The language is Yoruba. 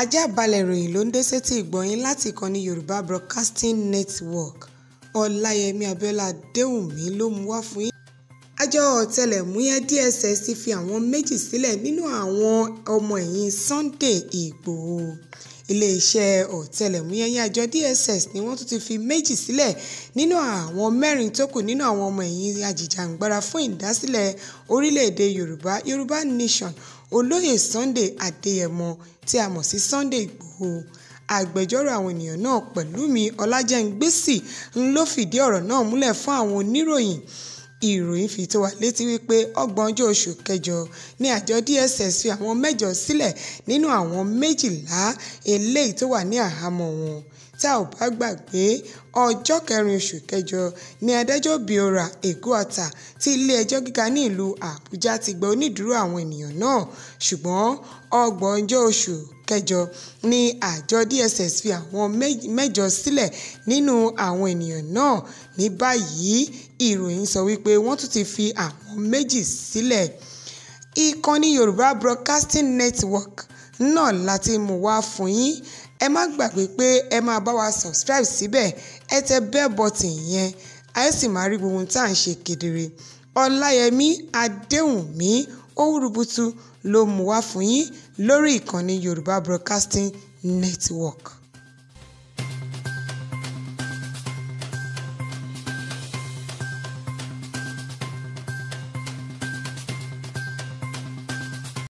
Àjààbalẹ̀ ìròyìn ló ń dé sétí ìgbọ̀nyín láti ìkànnì Yorùbá Broadcasting Network Ọláyẹmí Abíọ́lá Adéwùnmí ló mú wá fún yín. Àjọ ọ̀tẹlẹ̀múyẹ́ DSS ti fi àwọn méjì sílẹ̀ nínú àwọn ọmọ ẹ̀yìn Sunday Ìgbòho iléeṣẹ́ ọ̀tẹlẹ̀múyẹ́ yẹn àjọ DSS ni wọ́n tún ti fi méjì sílẹ̀ nínú àwọn mẹ́rin tó kù nínú àwọn ọmọ ẹ̀yìn ajìjàǹgbara fún ìdásílẹ̀ orílẹ̀-èdè Yorùbá Yorùbá Nation olóyè sunday adéyẹmọ tí a mọ̀ sí sunday igbòho agbẹjọ́rò àwọn ènìyàn náà pẹ̀lúmi ọlájẹ́ngbèsì ń ló fìdí ọ̀rọ̀ náà múlẹ̀ fún àwọn oníròyìn ìròyìn fi tó wa létí wípé ọgbọ̀njọ́ oṣù kẹjọ ní àjọ DSS fi àwọn mẹ́jọ sílẹ̀ nínú àwọn méjìlá eléyìí tó wà ní àhámọ́ wọn tá ò bá gbàgbé ọjọ́ kẹrin oṣù kẹjọ ni adájọ́ biora egoata ti ilé-ẹjọ́ gíga ní ìlú àbújá ti gba onídùúró àwọn ènìyàn náà ṣùgbọ́n ọgbọ̀njọ́ oṣù kẹjọ ni àjọ dss fi àwọn mẹ́jọ sílẹ̀ nínú àwọn ènìyàn náà ní báyìí ìròyìn sọ wípé wọ́n tún ti fi àwọn méjì sílẹ̀ ìkànnì yorùbá broadcasting network náà láti mú wá fún yín ẹ má gbàgbé pé ẹ máa bá wa subscribe síbẹ̀ ẹ tẹ bell button yẹn a sì máa rí gbogbo tá à ń ṣe kedere ọláyẹmí adéhùnmí òwúrúbùtù ló mú wá fún yín lórí ìkànnì yorùbá broadcasting network.